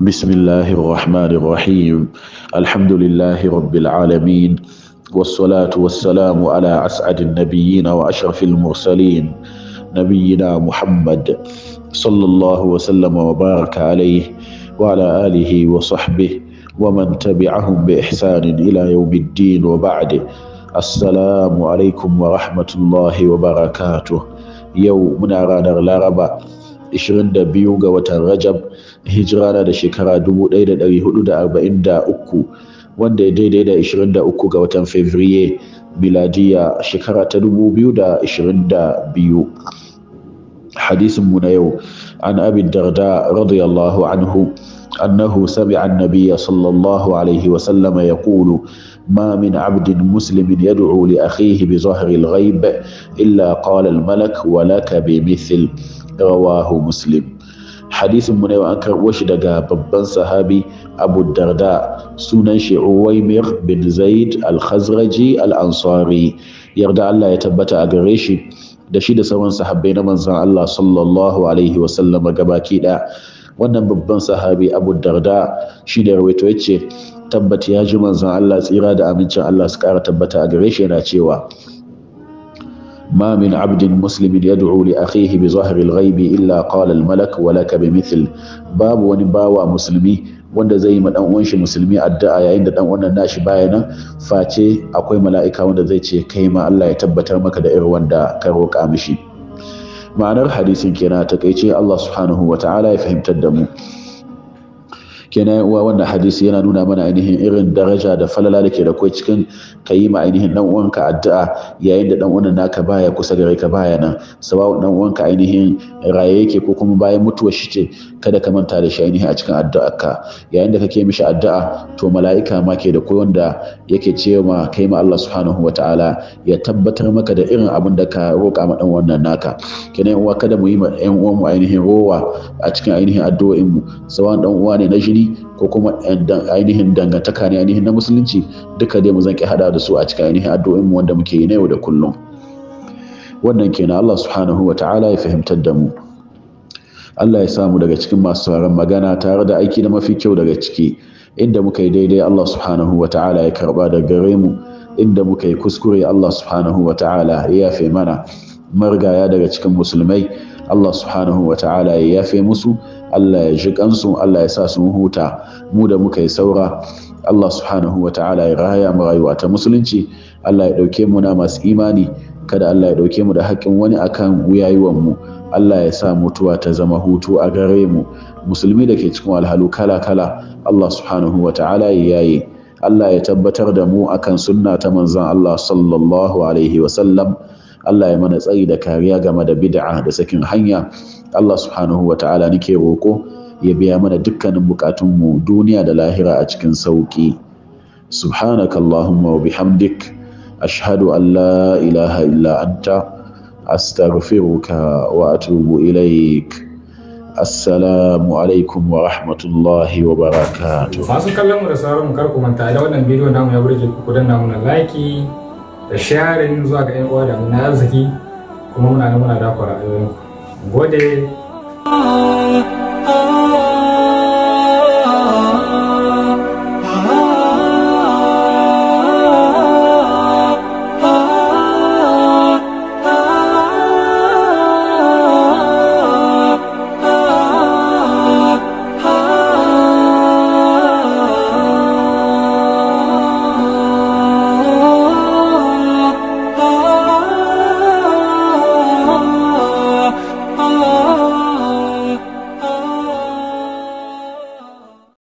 بسم الله الرحمن الرحيم الحمد لله رب العالمين والصلاة والسلام على أسعد النبيين وأشرف المرسلين نبينا محمد صلى الله وسلم وبارك عليه وعلى آله وصحبه ومن تبعهم بإحسان إلى يوم الدين وبعد السلام عليكم ورحمة الله وبركاته يوم رانا الأربعاء 22 ga watan Rajab hijira na da shekara 1443 wanda ya daidai da 23 ga watan Fevriye miladiya shekara ta 2022 hadisin mu na yau an abi darda radiyallahu anhu أنه سمع النبي صلى الله عليه وسلم يقول ما من عبد مسلم يدعو لأخيه بظهر الغيب إلا قال الملك ولك بمثل rawahu muslim hadisin mu ne an karɓo shi daga babban sahabi abu darda sunan shi uwaimir bin zaid al-khazraji al-ansari yarda allah ya tabbata a gare shi da shi da sauran sahabbai na manzan allah sallallahu alaihi wasallam gabaki ɗaya wannan babban sahabi abu darda shi da rawaito ya ce tabbata ya ji manzan allah tsira da amincin allah su ƙara tabbata a gare shi yana cewa ما من عبد مسلم يدعو لأخيه بظهر الغيب إلا قال الملك ولك بمثل باب ونباوى مسلمي wanda zai yi ma dan uwan shi musulmi addu'a yayin da dan wannan nashi baya nan face akwai mala'ika wanda zai ce kai ma Allah ya tabbatar maka da irin wanda ka roƙa mishi ma'anar hadisin kenan takeice Allah subhanahu wataala ya fahimtar da mu kenan uwa wannan hadisi yana nuna mana ainihin irin daraja da falala da ke da kai cikin ka yi ma ainihin dan uwanka addu'a yayin da dan uwan naka baya kusa gare ka baya nan sabawa dan uwanka ainihin raye yake ko kuma bayan mutuwar shi ce kada ka manta da shi ainihin a cikin ka, yayin da kake mishi addu'a to mala'ika ma ke da koyon da yake cewa kai ma Allah subhanahu wataala ya tabbatar maka da irin abin da ka roƙa ma dan wannan naka kenan uwa kada mu yi ma uwan uwanmu ainihin rowa a cikin ainihin addu'o'in mu sawan dan uwa ne na jini ko kuma eh, ainihin dangantaka ne ainihin na musulunci duka dai mu zan ki hada da su a cikin ainihin addu'o'in mu wanda muke yi na yau da kullum wannan kenan Allah subhanahu wa ta'ala ya fahimtar da mu Allah ya samu daga cikin masu sauraron magana tare da aiki da mafi kyau daga ciki inda muka yi daidai Allah subhanahu wa ta'ala ya karba da gare mu inda muka yi kuskure Allah subhanahu wa ta'ala ya yafe mana Marigaya daga cikin musulmai Allah subhanahu wa ta'ala ya yafe musu Allah ya ji kansu Allah ya sa sun huta mu da muka yi saura Allah subhanahu wa ta'ala ya raya mu rayuwa ta musulunci Allah ya dauke mu na masu imani kada Allah ya dauke mu da haƙƙin wani akan wuyayuwan mu Allah ya sa mutuwa ta zama hutu a gare mu musulmi da ke cikin alhalu kala kala Allah subhanahu wa ta'ala ya yaye Allah ya tabbatar da mu akan sunna ta manzon Allah sallallahu alaihi wa sallam Allah ya mana tsayi da kariya game da bid'a da sakin hanya Allah subhanahu wa ta'ala nake roko ya biya mana dukkanin bukatunmu duniya da lahira a cikin sauki subhanakallahumma wa bihamdik ashhadu an la ilaha illa anta astaghfiruka wa atubu ilaik Assalamu alaikum wa rahmatullahi wa barakatuh. Masu kallon mu da sauran mu kar ku manta idan wannan bidiyo namu ya burge ku danna mana like da share yin zuwa ga 'yan uwa da na arziki kuma muna ga muna dakwara ayoyin gode